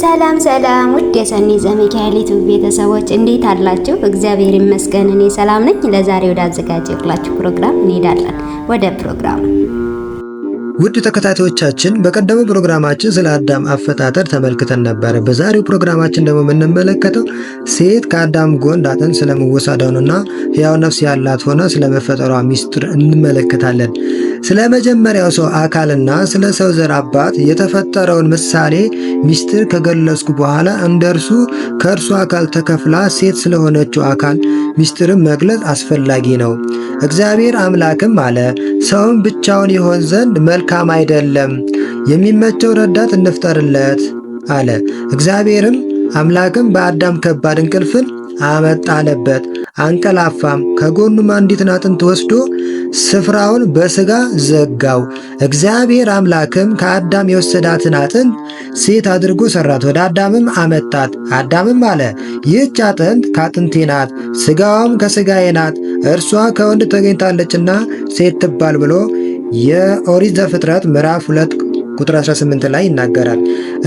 ሰላም ሰላም ውድ የሰኒ ዘሚካኤል ዩቲዩብ ቤተሰቦች እንዴት አላችሁ? እግዚአብሔር ይመስገን እኔ ሰላም ነኝ። ለዛሬ ወደ አዘጋጀሁላችሁ ፕሮግራም እንሄዳለን። ወደ ፕሮግራም ውድ ተከታታዮቻችን በቀደመው ፕሮግራማችን ስለ አዳም አፈጣጠር ተመልክተን ነበረ። በዛሬው ፕሮግራማችን ደግሞ የምንመለከተው ሴት ከአዳም ጎን ዳጥን ስለመወሳደኑና ሕያው ነፍስ ያላት ሆነ ስለመፈጠሯ ሚስጥር እንመለከታለን። ስለ መጀመሪያው ሰው አካልና ስለ ሰው ዘር አባት የተፈጠረውን ምሳሌ ሚስጥር ከገለጽኩ በኋላ እንደ እርሱ ከእርሱ አካል ተከፍላ ሴት ስለሆነችው አካል ሚስጥርን መግለጽ አስፈላጊ ነው። እግዚአብሔር አምላክም አለ፣ ሰውም ብቻውን ይሆን ዘንድ መልካም አይደለም፣ የሚመቸው ረዳት እንፍጠርለት አለ። እግዚአብሔርም አምላክም በአዳም ከባድ እንቅልፍን አመጣለበት፣ አንቀላፋም። ከጎኑም አንዲትን አጥንት ወስዶ ስፍራውን በሥጋ ዘጋው። እግዚአብሔር አምላክም ከአዳም የወሰዳትን አጥንት ሴት አድርጎ ሠራት፣ ወደ አዳምም አመጣት። አዳምም አለ ይህች አጥንት ከአጥንቴ ናት፣ ሥጋዋም ከሥጋዬ ናት፣ እርሷ ከወንድ ተገኝታለችና ሴት ትባል ብሎ የኦሪት ዘፍጥረት ምዕራፍ 2 ቁጥር 18 ላይ ይናገራል።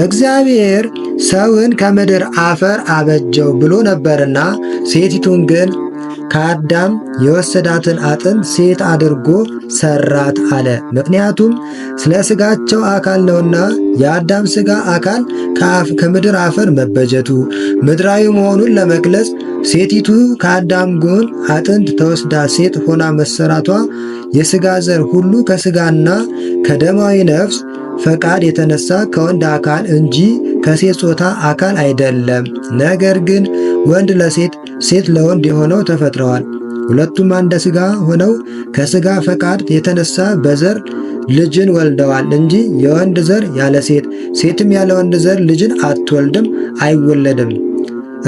እግዚአብሔር ሰውን ከምድር አፈር አበጀው ብሎ ነበርና ሴቲቱን ግን ከአዳም የወሰዳትን አጥንት ሴት አድርጎ ሰራት አለ። ምክንያቱም ስለ ሥጋቸው አካል ነውና የአዳም ሥጋ አካል ከምድር አፈር መበጀቱ ምድራዊ መሆኑን ለመግለጽ ሴቲቱ ከአዳም ጎን አጥንት ተወስዳ ሴት ሆና መሰራቷ የሥጋ ዘር ሁሉ ከሥጋና ከደማዊ ነፍስ ፈቃድ የተነሳ ከወንድ አካል እንጂ ከሴት ጾታ አካል አይደለም። ነገር ግን ወንድ ለሴት ሴት ለወንድ የሆነው ተፈጥረዋል። ሁለቱም አንድ ሥጋ ሆነው ከሥጋ ፈቃድ የተነሳ በዘር ልጅን ወልደዋል እንጂ የወንድ ዘር ያለ ሴት ሴትም ያለ ወንድ ዘር ልጅን አትወልድም አይወለድም።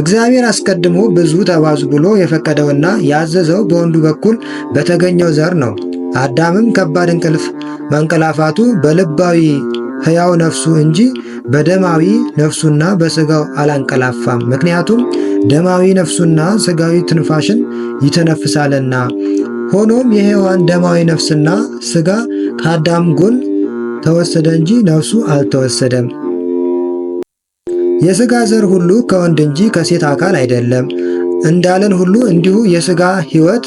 እግዚአብሔር አስቀድሞ ብዙ ተባዙ ብሎ የፈቀደውና ያዘዘው በወንዱ በኩል በተገኘው ዘር ነው። አዳምም ከባድ እንቅልፍ መንቀላፋቱ በልባዊ ሕያው ነፍሱ እንጂ በደማዊ ነፍሱና በሥጋው አላንቀላፋም። ምክንያቱም ደማዊ ነፍሱና ሥጋዊ ትንፋሽን ይተነፍሳልና። ሆኖም የሔዋን ደማዊ ነፍስና ሥጋ ከአዳም ጎን ተወሰደ እንጂ ነፍሱ አልተወሰደም። የሥጋ ዘር ሁሉ ከወንድ እንጂ ከሴት አካል አይደለም እንዳለን ሁሉ እንዲሁ የሥጋ ሕይወት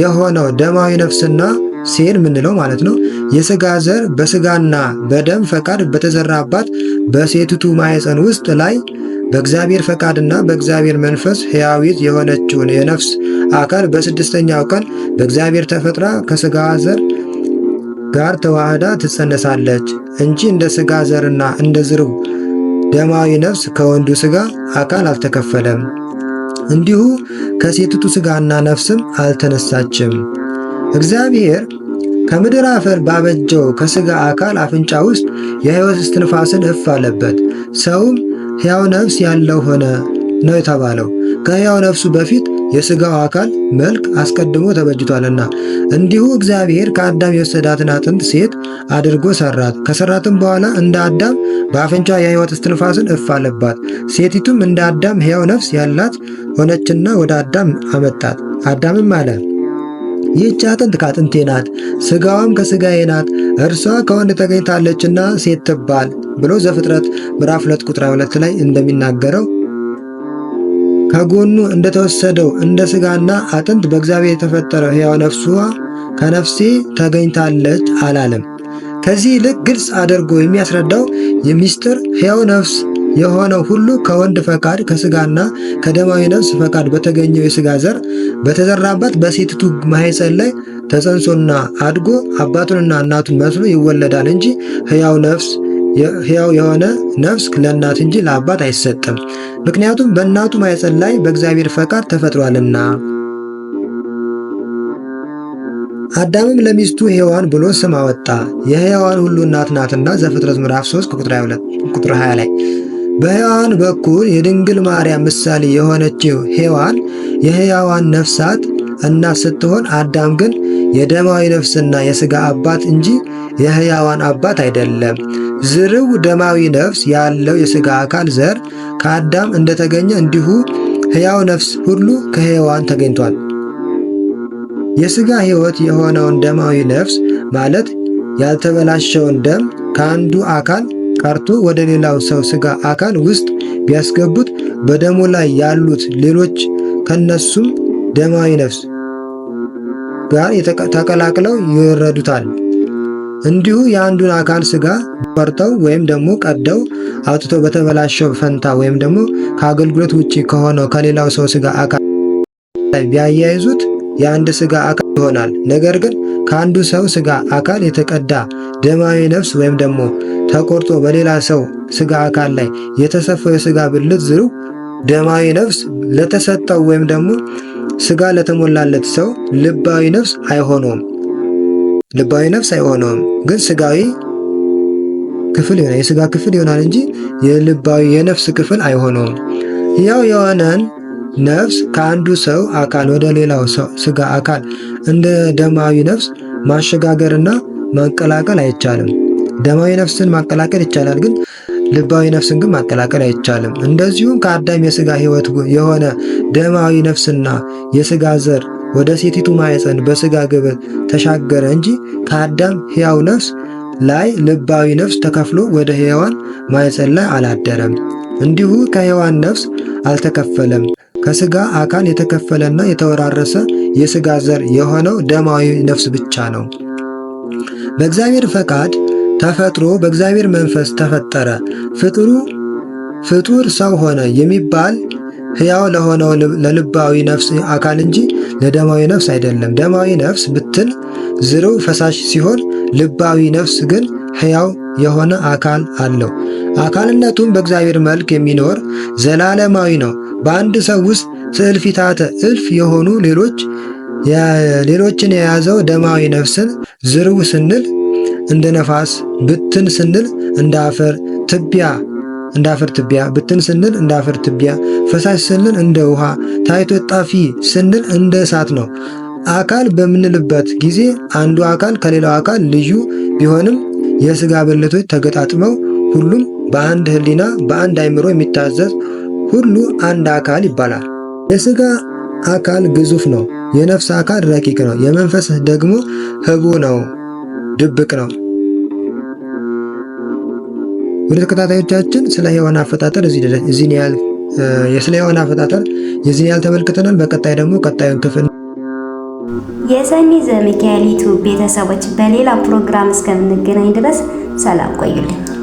የሆነው ደማዊ ነፍስና ሴል ምንለው ማለት ነው የሥጋ ዘር በሥጋና በደም ፈቃድ በተዘራባት በሴትቱ ማኅፀን ውስጥ ላይ በእግዚአብሔር ፈቃድና በእግዚአብሔር መንፈስ ሕያዊት የሆነችውን የነፍስ አካል በስድስተኛው ቀን በእግዚአብሔር ተፈጥራ ከሥጋ ዘር ጋር ተዋህዳ ትጸነሳለች እንጂ እንደ ሥጋ ዘርና እንደ ዝርው ደማዊ ነፍስ ከወንዱ ሥጋ አካል አልተከፈለም። እንዲሁ ከሴቲቱ ሥጋና ነፍስም አልተነሳችም። እግዚአብሔር ከምድር አፈር ባበጀው ከሥጋ አካል አፍንጫ ውስጥ የሕይወት እስትንፋስን እፍ አለበት። ሰውም ሕያው ነፍስ ያለው ሆነ ነው የተባለው ከሕያው ነፍሱ በፊት የሥጋው አካል መልክ አስቀድሞ ተበጅቷልና። እንዲሁ እግዚአብሔር ከአዳም የወሰዳትን አጥንት ሴት አድርጎ ሰራት። ከሰራትም በኋላ እንደ አዳም በአፍንጫ የሕይወት እስትንፋስን እፍ አለባት። ሴቲቱም እንደ አዳም ሕያው ነፍስ ያላት ሆነችና ወደ አዳም አመጣት። አዳምም አለ ይህች አጥንት ከአጥንቴ ናት፣ ስጋዋም ከስጋዬ ናት፣ እርሷ ከወንድ ተገኝታለችና ሴት ትባል ብሎ ዘፍጥረት ምዕራፍ 2 ቁጥር 2 ላይ እንደሚናገረው ከጎኑ እንደተወሰደው እንደ ስጋና አጥንት በእግዚአብሔር የተፈጠረው ሕያው ነፍሷ ከነፍሴ ተገኝታለች አላለም። ከዚህ ይልቅ ግልጽ አድርጎ የሚያስረዳው የሚስጥር ሕያው ነፍስ የሆነው ሁሉ ከወንድ ፈቃድ ከስጋና ከደማዊ ነፍስ ፈቃድ በተገኘው የስጋ ዘር በተዘራበት በሴትቱ ማኅፀን ላይ ተጸንሶና አድጎ አባቱንና እናቱን መስሎ ይወለዳል እንጂ ሕያው ነፍስ ሕያው የሆነ ነፍስ ለእናት እንጂ ለአባት አይሰጥም። ምክንያቱም በእናቱ ማኅፀን ላይ በእግዚአብሔር ፈቃድ ተፈጥሯልና። አዳምም ለሚስቱ ሔዋን ብሎ ስም አወጣ፣ የሕያዋን ሁሉ እናት ናትና። ዘፍጥረት ምዕራፍ 3 ቁጥር 20 ላይ በሔዋን በኩል የድንግል ማርያም ምሳሌ የሆነችው ሔዋን የሕያዋን ነፍሳት እናት ስትሆን አዳም ግን የደማዊ ነፍስና የሥጋ አባት እንጂ የሕያዋን አባት አይደለም። ዝርው ደማዊ ነፍስ ያለው የሥጋ አካል ዘር ከአዳም እንደተገኘ እንዲሁ ሕያው ነፍስ ሁሉ ከሔዋን ተገኝቷል። የሥጋ ሕይወት የሆነውን ደማዊ ነፍስ ማለት ያልተበላሸውን ደም ከአንዱ አካል ቀርቶ ወደ ሌላው ሰው ሥጋ አካል ውስጥ ቢያስገቡት በደሙ ላይ ያሉት ሌሎች ከነሱም ደማዊ ነፍስ ጋር ተቀላቅለው ይረዱታል። እንዲሁ የአንዱን አካል ሥጋ ቆርጠው ወይም ደግሞ ቀደው አውጥተው በተበላሸው ፈንታ ወይም ደግሞ ከአገልግሎት ውጪ ከሆነው ከሌላው ሰው ሥጋ አካል ቢያያይዙት የአንድ ሥጋ አካል ይሆናል። ነገር ግን ከአንዱ ሰው ስጋ አካል የተቀዳ ደማዊ ነፍስ ወይም ደግሞ ተቆርጦ በሌላ ሰው ስጋ አካል ላይ የተሰፋው የስጋ ብልት ዝሩ ደማዊ ነፍስ ለተሰጠው ወይም ደግሞ ስጋ ለተሞላለት ሰው ልባዊ ነፍስ አይሆነውም። ልባዊ ነፍስ አይሆነውም፣ ግን ስጋዊ ክፍል ይሆናል። የስጋ ክፍል ይሆናል እንጂ የልባዊ የነፍስ ክፍል አይሆነውም። ያው የሆነን ነፍስ ከአንዱ ሰው አካል ወደ ሌላው ሰው ስጋ አካል እንደ ደማዊ ነፍስ ማሸጋገርና ማቀላቀል አይቻልም። ደማዊ ነፍስን ማቀላቀል ይቻላል፣ ግን ልባዊ ነፍስን ግን ማቀላቀል አይቻልም። እንደዚሁም ከአዳም የስጋ ህይወት የሆነ ደማዊ ነፍስና የስጋ ዘር ወደ ሴቲቱ ማኅፀን በስጋ ግብር ተሻገረ እንጂ ከአዳም ሕያው ነፍስ ላይ ልባዊ ነፍስ ተከፍሎ ወደ ህያዋን ማኅፀን ላይ አላደረም። እንዲሁ ከህያዋን ነፍስ አልተከፈለም። ከስጋ አካል የተከፈለና የተወራረሰ የስጋ ዘር የሆነው ደማዊ ነፍስ ብቻ ነው። በእግዚአብሔር ፈቃድ ተፈጥሮ በእግዚአብሔር መንፈስ ተፈጠረ። ፍጥሩ ፍጡር ሰው ሆነ የሚባል ሕያው ለሆነው ለልባዊ ነፍስ አካል እንጂ ለደማዊ ነፍስ አይደለም። ደማዊ ነፍስ ብትል ዝርው ፈሳሽ ሲሆን፣ ልባዊ ነፍስ ግን ሕያው የሆነ አካል አለው። አካልነቱም በእግዚአብሔር መልክ የሚኖር ዘላለማዊ ነው። በአንድ ሰው ውስጥ ፊታተ እልፍ የሆኑ ሌሎች ሌሎችን የያዘው ደማዊ ነፍስን ዝርው ስንል እንደ ነፋስ፣ ብትን ስንል እንደ አፈር ትቢያ እንደ አፈር ትቢያ ብትን ስንል እንደ አፈር ትቢያ፣ ፈሳሽ ስንል እንደ ውሃ፣ ታይቶ ጣፊ ስንል እንደ እሳት ነው። አካል በምንልበት ጊዜ አንዱ አካል ከሌላው አካል ልዩ ቢሆንም የስጋ ብልቶች ተገጣጥመው ሁሉም በአንድ ህሊና በአንድ አይምሮ የሚታዘዝ ሁሉ አንድ አካል ይባላል። የሥጋ አካል ግዙፍ ነው፣ የነፍስ አካል ረቂቅ ነው፣ የመንፈስ ደግሞ ህቡ ነው፣ ድብቅ ነው። ወደ ተከታታዮቻችን ስለ ሔዋን አፈጣጠር እዚህን ያህል የስለ ሔዋን አፈጣጠር የዚህን ያህል ተመልክተናል። በቀጣይ ደግሞ ቀጣዩን ክፍል የሰኒ ዘሚካኤል ዩቲዩብ ቤተሰቦች በሌላ ፕሮግራም እስከምንገናኝ ድረስ ሰላም ቆዩልኝ።